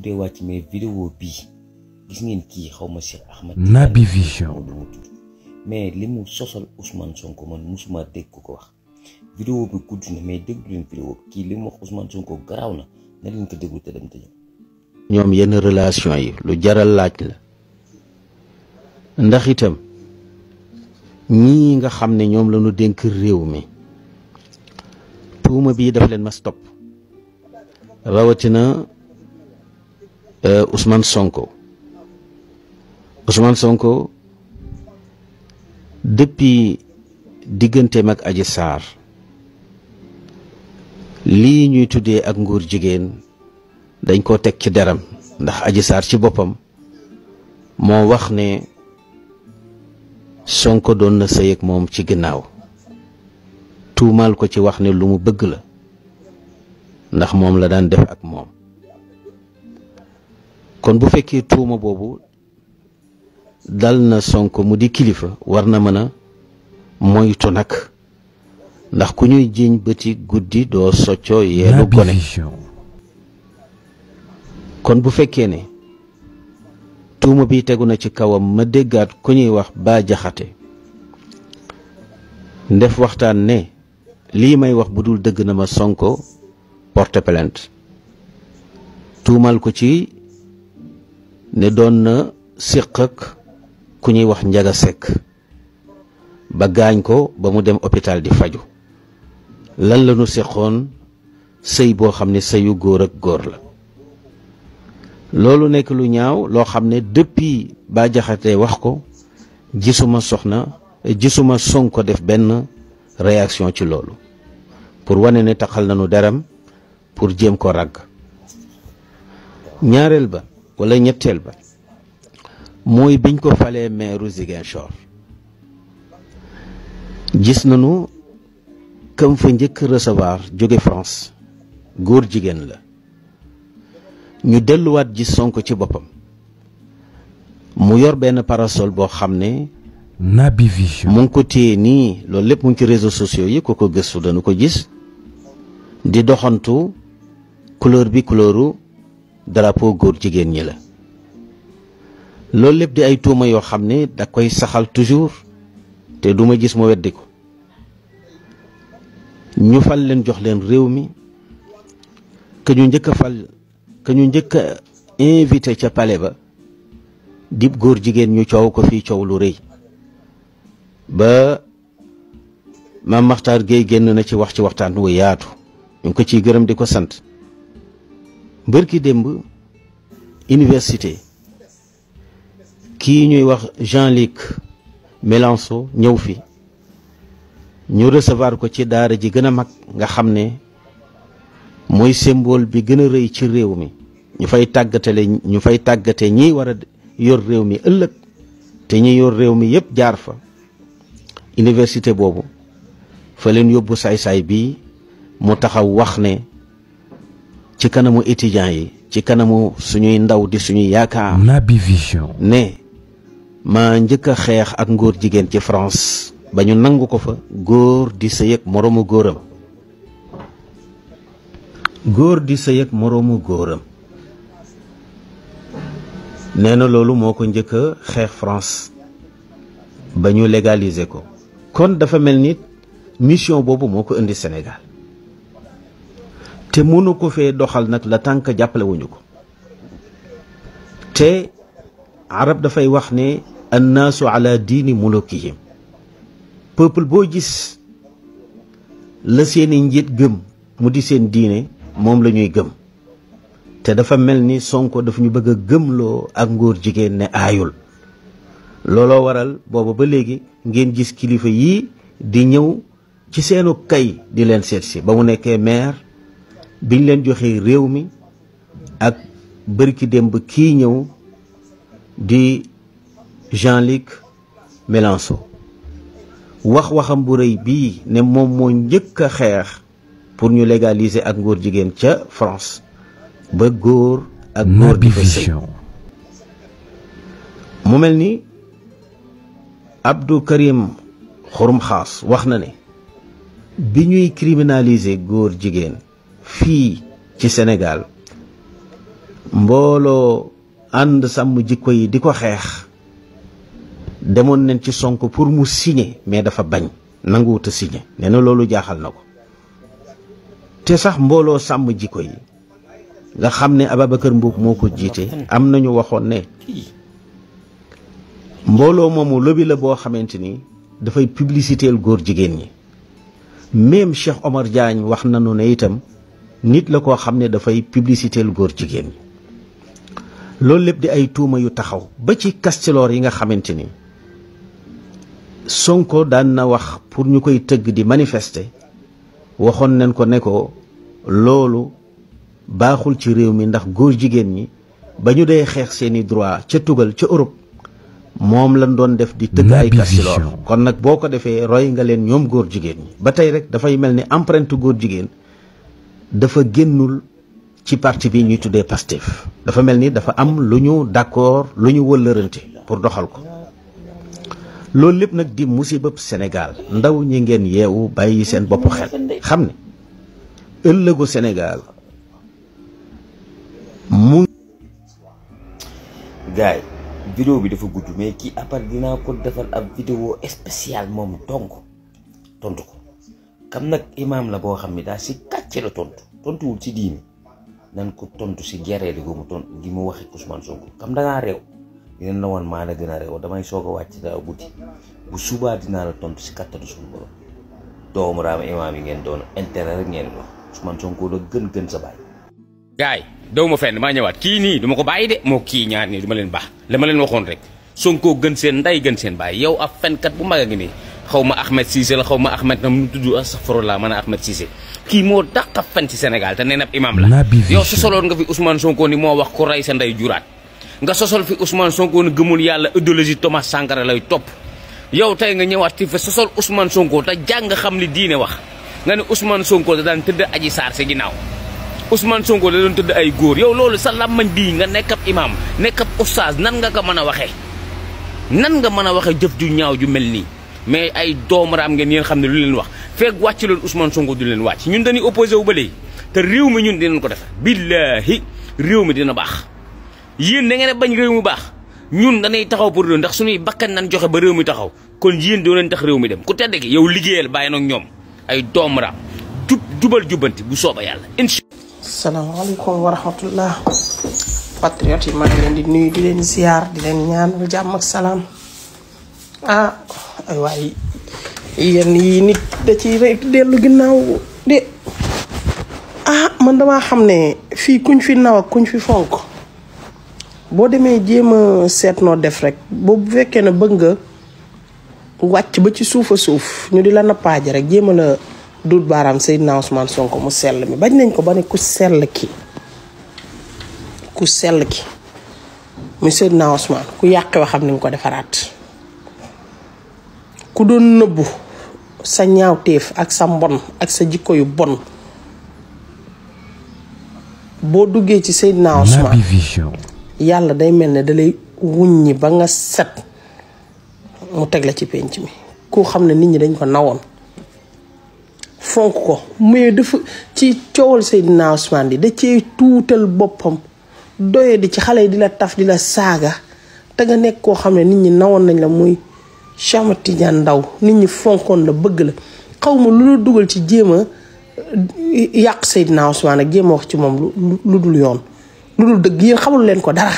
bu dee wàcc mais vidéo bii gis ngeen kii xaw ma Cheikh Ahmed. Naby Vision mais li mu sosal Ousmane Sonko man dégg ko ko wax. vidéo bi gudd na leen vidéo bi kii li mu wax Ousmane Sonko garaaw na na leen ko déglu te dem te ñoom yenn relation yi lu jaral laaj la ndax itam ñii nga xam ne ñoom la ñu dénk réew mi tuuma bii daf leen mas topp rawatina. Euh, Ousmane Sonko Ousmane Sonko depuis digganteem ak Adji saar lii ñuy tuddee ak nguur jigéen dañ koo teg ci deram ndax Adji saar ci boppam moo wax ne Sonko doon na sëy ak moom ci ginnaaw tuumaal ko ci wax ne lu mu bëgg la ndax moom la daan def ak moom kon bu fekkee tuuma boobu dal na Sonko mu di kilifa war na mën a moytu nag ndax ku ñuy jiiñ bëti guddi doo soccoo yeelu gone kon bu fekkee ne tuuma bi tegu na ci kawam ma déggaat ku ñuy wax baa jaxate ndef waxtaan ne lii may wax bu dul dëgg na ma Sonko porte plainte tuumal ko ci ne doon na siq ak ku ñuy wax njaga sekk ba gaañ ko ba mu dem hôpital di faju lan la ñu siqoon sëy boo xam ne sëyu góor ak góor la loolu nekk lu ñaaw loo xam ne depuis ba wax ko gisuma soxna gisuma Sonko def benn réaction ci loolu pour wane ne taxal nañu deram pour jéem ko ragg ñaareel ba wala ñettel ba moy biñ ko falé meeru Ziguinchor gis nañu fa ñëk recevoir France gor Nidelwa la ñu wat gis Sonko ci bopam mu yor ben parasol bo xamné ne Je Vision ko mu ci réseaux sociaux yi ko ko gis di doxantu couleur bi couleuru drapeau góor jigéen ñi la loolu lépp di ay tuuma yoo xam ne da koy saxal toujours te du ma gis mu weddi ko ñu fal leen jox leen réew mi que ñu njëkk a fal que ñu njëkk a invité ca pale ba dib góor jigéen ñu coow ko fii coow lu réy ba maam Makhtar Gueye génn na ci wax ci waxtaan wu yaatu ñu ngi ko ciy gërëm di ko sant bërki démb université kii ñuy wax Jean-Luc Mélenchon ñëw fi ñu recevoir ko ci daara ji gën a mag nga xam ne mooy symbole bi gën a rëy ci réew mi ñu fay tàggatale ñu fay tàggate ñi war a yor réew mi ëllëg te ñi yor réew mi yëpp jaar fa université boobu fa leen yóbbu saay-saay bii mu taxaw wax ne ci kanamu étudiants yi ci kanamu suñuy ndaw di suñu yaakaar. Naby Vision. ne ma njëkk a xeex ak ngóor jigéen ci France ba ñu nangu ko fa góor di sëy ak moroomu góoram. góor di sëy ak moroomu góoram. nee na loolu moo ko njëkk a xeex France ba ñu légaliser ko. kon dafa mel ni mission boobu moo ko indi senegal te mënu ko fee doxal nak la tank jappalé wuñu ko te arab fay wax ne annaasu ala din mulukihim peuple bo gis la seeni njit gëm mu di seen diiné mom lañuy gëm té dafa melni sonko daf bëgg gëm lo ak ngor jigen ne ayul. lolo waral bobu ba légui ngeen gis kilifa yi di ñew ci seenu kay di len ba mu nekké maire biñ leen joxee réew mi ak bërki démb kii ñëw di Jean-Luc Mélenchon wax waxam bu rëy bii ne moom moo njëkk a pour ñu légaliser ak ngóor jigéen France ba góor ak góor di mu mel Abdou Karim Xurum Xaas wax na ne bi criminaliser góor fii ci senegaal mbooloo ànd sàmm jikko yi di ko xeex demoon nañ ci Sonko pour mu signé mais dafa bañ nanguwut a signé nee na loolu jaaxal na ko te sax mbooloo sàmm jikko yi nga xam ne ababa kër Mboup moo ko jiite am na ñu waxoon ne mbooloo moomu lobby la boo xamante ni dafay publicitéel góor jigéen ñi même Cheikh Omar Diagne wax nañu ne itam nit la koo xam ne dafay publicité lu góor jigéen loolu lépp di ay tuuma yu taxaw ba ci kastiloor yi nga xamante ni Sonko daan na wax pour ñu koy tëgg di manifester waxoon nañ ko ne ko loolu baaxul ci réew mi ndax góor jigéen ñi ba ñu dee xeex seeni droit ca tugal ca Europe moom lañ doon def di tëgg ay kastiloor kon nag boo ko defee roy nga leen ñoom góor jigéen ñi ba tey rek dafay mel ni empreinte góor jigéen dafa génnul ci parti bi ñuy tuddee Pastef dafa mel ni dafa am lu ñu d'accord lu ñu wëllërante pour doxal ko loolu lépp nag di musibab senegaal ndaw ñi ngeen yeewu bàyyi seen bopp xel xam ne ëllëgu senegaal mu gaay vidéo bi dafa gudd mais kii après dinaa ko defal ab vidéo spéciale moom dong tontu ko kam nag imaam la boo xam ne daa si keɗo tontu tontuwul ci diine nan ko tontu si gereede gu mu tontu gi mu waxe Ousmane Sonko kam da nga rew dina la wan maa la gën a réew damay soog a wàcc daa guddi bu subaa dinaa la tontu si du suñu borom doom ram imam yi ngeen doon intérêt rek ngeen doon Ousmane Sonko la gën gën sa bay gay daw fenn ma ñewat ki ni duma ko bàyyi de mo ki ñaar ni duma leen bax la ma leen waxon rek Sonko gën sen nday gën sen bay yow fenn kat bu xawma Ahmed Cissé la xawma Ahmed nam tuddu astaghfirullah man Ahmed Cissé ki mo dàq a ci Sénégal te nee imam la. yow sosoloon nga fi Ousmane Sonko ni mo wax ko ray sa nday jurat nga sosol fi Ousmane Sonko ni gëmul yalla idéologie Thomas Sankara lay top. yow tay nga ñëwaat ci fa sosol Ousmane Sonko ta jang xam li diine wax nga ni Ousmane Sonko da dan tedd aji sar ci ginaaw Ousmane Sonko da don tedd ay goor yow lolu sa lamagn bii nga nekk imam nekk ab oustaz nan nga ko mën a nan nga mën a waxee jëf ju ñaaw ju melni mais ay ram ngeen yéen xamne lu leen wax fek wacc lu Ousmane Sonko du leen wacc ñun dañuy opposé wu ba léegi te réew mi ñun dinañ ko def billahi réew mi dina bax yeen da ngeen bañ réew mi bax ñun taxaw pour ndax suñuy bakkan nan joxe ba réew mi taxaw kon yeen do leen tax réew mi dem ku tedd ki yow liggéeyal bàyyi nag ñom ay doomaraam jub dubal jubanti bu sooba yàlla assalamu alaykum wa rahmatullah patriote yi ma di nuyu di leen ziar di leen ñaanal jamm ak salam ah waaye yenn yi nit da ci rek dellu ginnaaw de ah man damaa xam ne fii kuñ fi naw ak kuñ fi fonk boo demee jéem a seet noo def rek boobu fekkee ne bëgg nga wàcc ba ci suuf a suuf ñu di la nappaaje rek jéem a la dut baaraam Seydina Ousmane Sonko mu sell mi bañ nañ ko ba ne ku sell ki ku sell ki mu Seydina Ousmane ku yàqe wa xam ni nga ko defaraat ku doon nëbbu sa ñaawteef ak sa mbon ak sa jikko yu bon boo duggee ci Seydina Ousmane yàlla day mel ne dalay ñi ba nga set mu teg la ci pénc mi koo xam ne nit ñi dañ ko nawoon fonk ko mais dafa ci coowal Seydina Ousmane bi da cee tuutal boppam doye di ci xale yi di la taf di la saaga te nga nekk koo xam ne nit ñi nawoon nañ la muy Cheikh Ahmed Ndaw nit ñi fonkoon la bëgg la xaw ma lu la dugal ci jéem a eh, yàq Seydina Ousmane ak jéem a wax ci moom lu dul yoon lu dul dëgg yéen xamul leen ko dara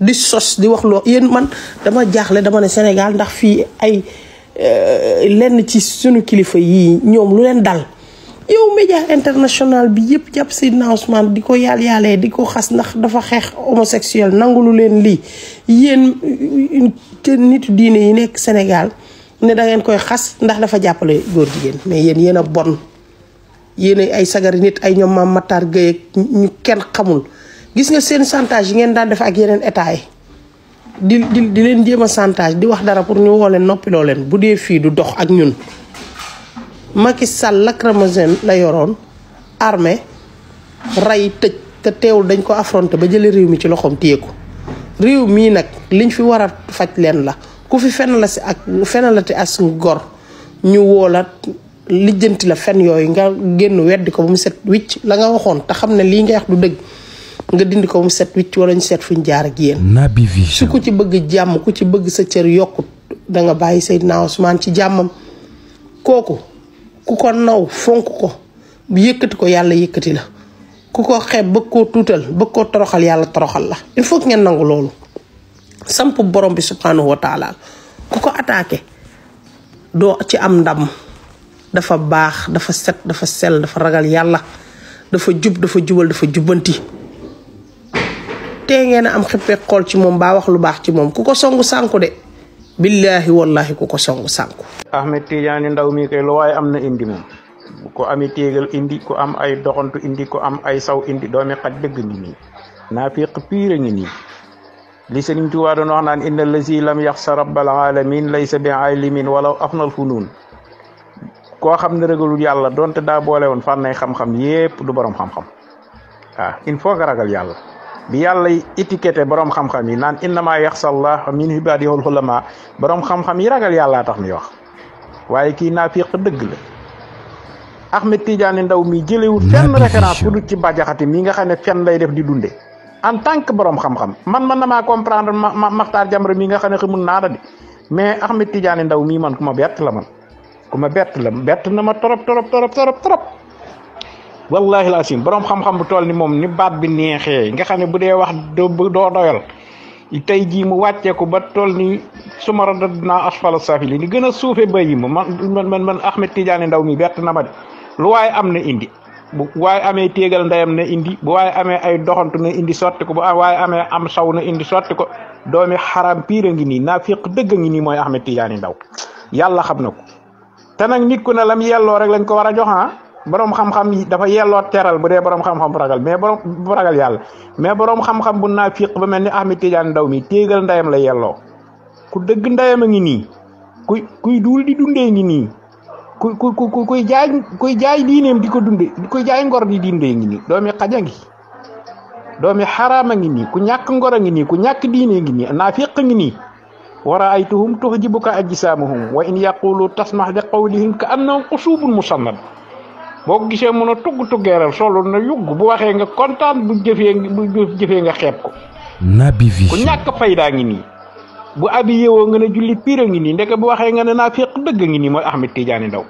di sos di wax loo yéen man dama jaaxle dama ne Sénégal ndax fii ay eh, lenn ci sunu kilifa yii ñoom lu leen dal yow média international bi yëpp jàpp Seydina Ousmane di ko yàll yàllee di ko xas ndax dafa xeex homosexuel nangulu leen lii yéen nitu diine yi nekk Sénégal ne da ngeen koy xas ndax dafa jàppale góor jigéen mais yéen yéen a bon yéen ay sagari nit ay ñoom maam Matar ñu kenn xamul gis nga seen chantage yi ngeen daan def ak yeneen état yi di di di leen jéem a chantage di wax dara pour ñu woo leen noppiloo leen bu dee fii du dox ak ñun Macky Sall lacrymogène la yoron armée ray tej te tewul dañ ko affronter ba jëlee réew mi ci loxom téye réew mi nak liñ fi wara fajj len la ku fi fenn la ci ak fenn la te as ngor ñu woola lijjanti la fenn yoy nga genn wedd ko bu mu set wicc la nga waxon ta xamne li nga wax du deug nga dindi ko bu set wicc wala ñu set fuñ jaar ak yeen nabi vi su ku ci bëgg jamm ku ci bëgg sa cër yokku da nga bayyi sayyidna usman ci koku ku ko naw fonk ko bu yëkkati ko yàlla yëkkati la ku ko xeb bëgg koo tuutal bëgg koo toroxal yàlla toroxal la il faut ngeen nangu loolu samp borom bi subhanahu wa taala ku ko attaqué doo ci am ndam dafa baax dafa set dafa sel dafa ragal yàlla dafa jub dafa jubal dafa jubanti tee ngeen am xippee xool ci moom baa wax lu baax ci moom ku ko songu sànku de billaahi wallaahi ku ko songu sànku. Ahmed Tidiane ndaw mi kay lu am na indi moom ku ami téegal indi ku am ay doxantu indi ku am ay saw indi doomi xaj dëgg ngi nii naafiq piir a ngi nii li Sëriñ Tuubaa doon wax naan inna lazi lam yaxsa rabbal alamin laysa bi alimin walaw afnal funun koo xam ne ragalul yàlla donte daa boole woon fànnay xam-xam yépp du boroom xam-xam waaw il faut ragal yàlla bi yàlla étiqueté borom xam-xam yi naan innama yaxsa allah min ibadihul ulama borom xam-xam yi ragal yàllaa tax muy wax waaye kii naafiq dëgg la Ahmed Tidiane Ndaw mi jëlewul fenn référence bu dul ci bàjaxati mii nga xam ne fenn lay def di dunde en tant que borom xam-xam man man na maa comprendre ma Maxtaar Jamra mi nga xam ne xamul naara mais Ahmed Tidiane Ndaw mii man ku ma bett la man ku ma bett la bett na ma torop torop torop torop wallahi laasim borom xam-xam bu toll ni moom ni baat bi neexee nga xam ne bu dee wax doo doyal tey jii mu wàcceeku ba toll ni suma radadnaa asfala safili ni gën a suufe bayi ma man man man Ahmed Tidiane Ndaw mi bett na ma de lu waaye am na indi bu waaye amee téegal ndeyam na indi bu waaye amee ay doxantu na indi sotti ko bu waaye amee am saw na indi sotti ko doomi xaram piir ngi nii naa naafiq dëgg ngi nii mooy Ahmed Tidiane Ndaw yàlla xam na ko ko war a jox ah. borom xam-xam dafa yelo teral bu dee borom xam-xam ragal mais borom bu ragal yalla mais borom xam-xam bu nafiq ba melni Ahmed Tidiane Ndaw mi téegal ndayam la yelo ku deug ndayam ngi ni kuy kuy dul di dundé ngi ni kuy kuy kuy kuy jaay kuy jaay diinem di dundé kuy jaay ngor di dindé ngi ni domi xaja ngi doomi xaraama ngi ni ku ñak ngor ngi ni ku ñak diiné ngi ni nafiq ngi tuhjibuka ajsamuhum wa in yaqulu tasmah liqawlihim ka annahum qushubun musannad boo gisee mun a tugg tuggeeral solo na yugg bu waxee nga kontaan bu jëfee bu jëfee nga xeeb ko. Naby Vision ku ñàkk daa ngi nii. bu abi yewoo nga ne julli piir a ngi nii ndeke bu waxee nga ne naa féq dëgg ngi nii mooy Ahmed Tidiane Ndaw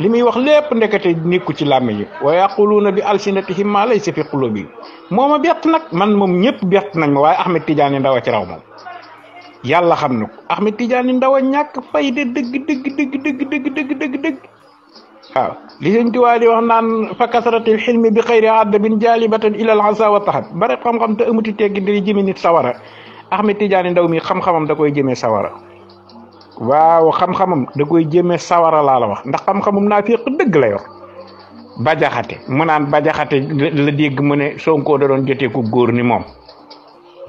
li muy wax lépp ndekete nekku ci làmmiñ yi wa yaquluuna bi alsinatihim maa laysa fi qulubi moo ma bett nag man moom ñëpp beex nañ ma waaye ax Ahmed Tidiane Ndaw a ci raw moom yàlla xam na ko Ahmed Tidiane Ndaw a ñàkk fayda dëgg dëgg dëgg dëgg waaw li sëñ Tuubaa di wax naan fa kasratil xilmi bi xayri adabin jaalibatan ilal asa wa taxat bare xam-xam te amuti teggi di jëme nit sawara Ahmed Tidiane Ndaw mi xam-xamam da koy jëmee sawara waaw xam da koy jëmee sawara laa la wax ndax xam-xamum naa féq dëgg la yor bajaxate mu naan bajaxate la dégg mu ne Sonko da doon jotee ku góor ni moom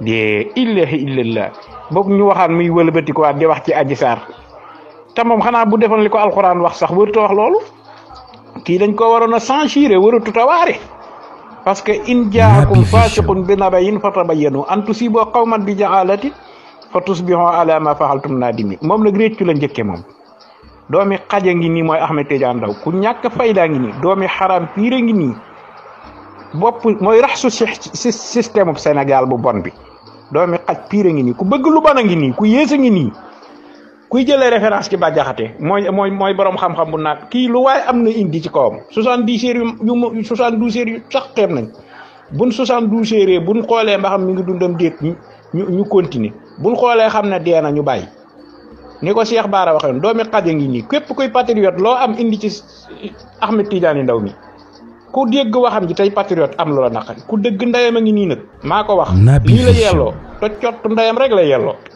de illahi illallah boobu ñu waxaan muy wëlbatikuwaat di wax ci aji saar te moom xanaa bu defoon li ko alxuraan wax sax wërta wax loolu Kilang dañ ko warona a censurer waratu parce que in jaakum fasiqun bi nabayin fa tabayyanu an qawman bi ja'alati fatusbihu ala ma fa'altum nadimi Mom nag réccu la njëkke mom domi xaja ngi ni moy Ahmed Tidiane Ndaw ku ñak fayda ngi ni domi haram pire ngi ni bop moy rahsu système bu bu bon bi domi xaj pire ngi ni ku bëgg lu bon ngi ni ku ngi ni kuy jëlé référence ci ba jaxaté moy moy moy borom xam-xam bu naat ki lu way am na indi ci kawam 70 heures yu 72 heures yu sax nañ buñ 72 heures buñ xolé ba xam mi ngi dundam deet ñu ñu continuer buñ xolé xam na dee ñu bay ni ko Cheikh bara waxe doomi xaja ngi ni kep kuy patriote lo am indi ci Ahmed Tidiane Ndaw mi ku dégg waxam ji tay patriote am lo la nakal ku dëgg ndayam ngi ni nak mako wax lii la yello to ciot ndayam rek la yello